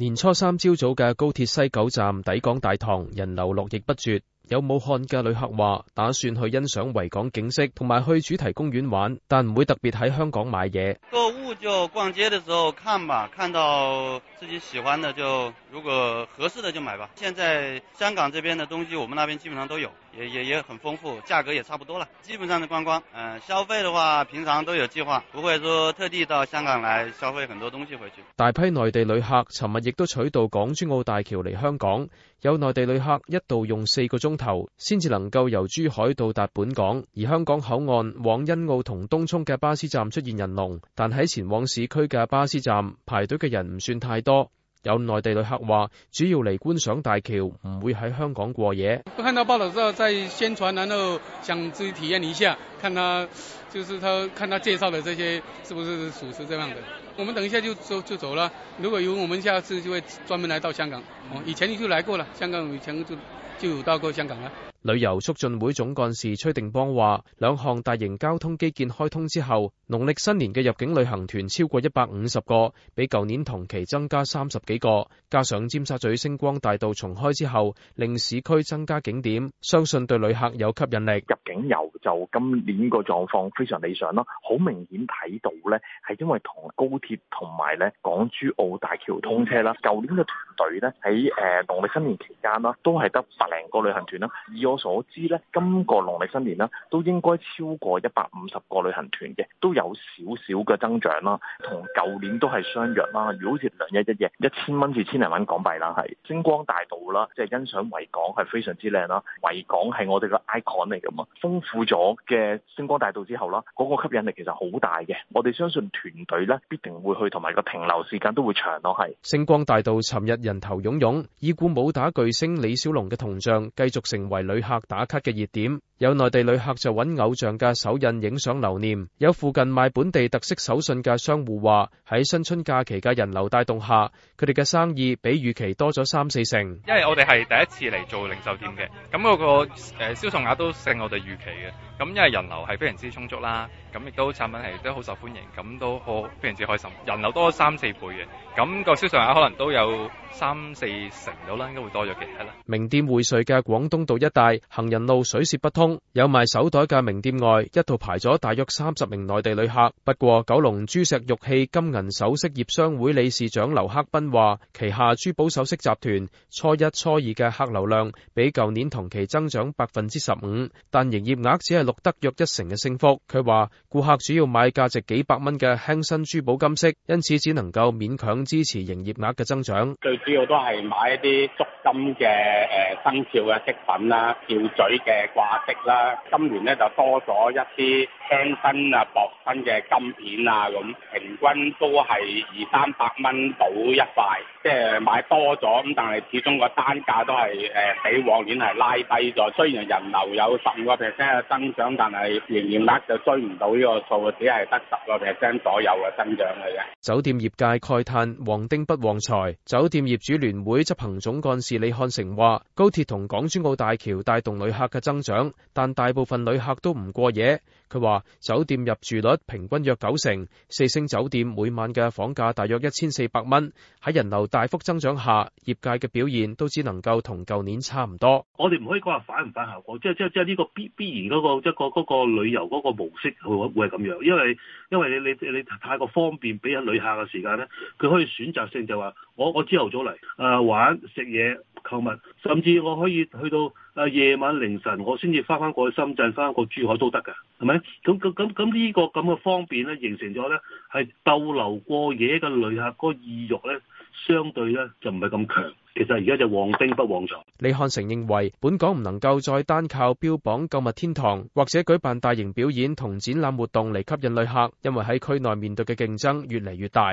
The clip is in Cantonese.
年初三朝早嘅高鐵西九站抵港大堂人流絡繹不絕，有武漢嘅旅客話，打算去欣賞維港景色，同埋去主題公園玩，但唔會特別喺香港買嘢。購物就逛街的時候看吧，看到自己喜歡的就，如果合適的就買吧。現在香港這邊的東西，我們那邊基本上都有。也也也很豐富，價格也差不多啦，基本上的觀光，嗯、呃，消費的話平常都有計劃，不會說特地到香港來消費很多東西回去。大批內地旅客尋日亦都取道港珠澳大橋嚟香港，有內地旅客一度用四個鐘頭先至能夠由珠海到達本港，而香港口岸往欣澳同東涌嘅巴士站出現人龍，但喺前往市區嘅巴士站排隊嘅人唔算太多。有內地旅客話：主要嚟觀賞大橋，唔會喺香港過夜。看到報道之後，再宣傳，然後想自己體驗一下，看他就是他看他介紹的這些是不是屬實這樣的。我們等一下就就走就走了。如果有，我們下次就會專門來到香港。哦，以前就來過了，香港以前就就有到過香港了。旅遊促進會總幹事崔定邦話，兩項大型交通基建開通之後，農曆新年嘅入境旅行團超過一百五十個，比舊年同期增加三十幾個。加上尖沙咀星光大道重開之後，令市區增加景點，相信對旅客有吸引力。入境遊就今年個狀況非常理想咯，好明顯睇到呢係因為同高鐵同埋呢港珠澳大橋通車啦。舊年嘅團隊呢喺誒農曆新年期間啦，都係得百零個旅行團啦，我所知咧，今個農曆新年啦，都應該超過一百五十個旅行團嘅，都有少少嘅增長啦，同舊年都係相若啦。如果好似兩日一夜，一千蚊至千零蚊港幣啦，係星光大道啦，即係欣賞維港係非常之靚啦。維港係我哋嘅 icon 嚟嘅嘛，豐富咗嘅星光大道之後啦，嗰個吸引力其實好大嘅。我哋相信團隊咧必定會去同埋個停留時間都會長咯，係星光大道。尋日人頭湧湧，已故武打巨星李小龍嘅銅像繼續成為旅客打卡嘅熱點。有內地旅客就搵偶像嘅手印影相留念。有附近賣本地特色手信嘅商戶話，喺新春假期嘅人流帶動下，佢哋嘅生意比預期多咗三四成。因為我哋係第一次嚟做零售店嘅，咁嗰個誒銷售額都勝我哋預期嘅。咁因為人流係非常之充足啦，咁亦都產品係都好受歡迎，咁都好非常之開心。人流多咗三四倍嘅，咁個銷售額可能都有三四成到啦，應該會多咗其他啦。名店匯聚嘅廣東道一帶行人路水泄不通。有賣手袋嘅名店外，一度排咗大約三十名內地旅客。不過九龍珠石玉器金銀首飾業商會理事長劉克斌話，旗下珠寶首飾集團初一初二嘅客流量比舊年同期增長百分之十五，但營業額只係錄得約一成嘅升幅。佢話顧客主要買價值幾百蚊嘅輕身珠寶金飾，因此只能夠勉強支持營業額嘅增長。最主要都係買一啲足金嘅誒生肖嘅飾品啦，吊墜嘅掛飾啦，今年咧就多咗一啲輕身、啊薄身嘅金片啊，咁平均都係二三百蚊到一塊，即係買多咗咁，但係始終個單價都係誒比往年係拉低咗。雖然人流有十五個 percent 嘅增長，但係仍然拉就追唔到呢個數，只係得十個 percent 左右嘅增長嚟嘅。酒店業界慨嘆：旺丁不旺財。酒店業主聯會執行總幹事李漢成話：高鐵同港珠澳大橋帶動旅客嘅增長。但大部分旅客都唔過夜，佢話酒店入住率平均約九成，四星酒店每晚嘅房價大約一千四百蚊。喺人流大幅增長下，業界嘅表現都只能夠同舊年差唔多。我哋唔可以講話反唔反效果，即係即係即係呢個必必然嗰個一個嗰個旅遊嗰個模式會會係咁樣，因為因為你你你太過方便俾人旅客嘅時間咧，佢可以選擇性就話我我朝頭早嚟誒玩食嘢。購物，甚至我可以去到啊夜晚凌晨，我先至翻翻過去深圳，翻過珠海都得㗎，係咪？咁咁咁呢個咁嘅方便咧，形成咗咧係逗留過夜嘅旅客個意欲咧，相對咧就唔係咁強。其實而家就是旺丁不旺財。李漢成認為，本港唔能夠再單靠標榜購物天堂或者舉辦大型表演同展覽活動嚟吸引旅客，因為喺區內面對嘅競爭越嚟越大。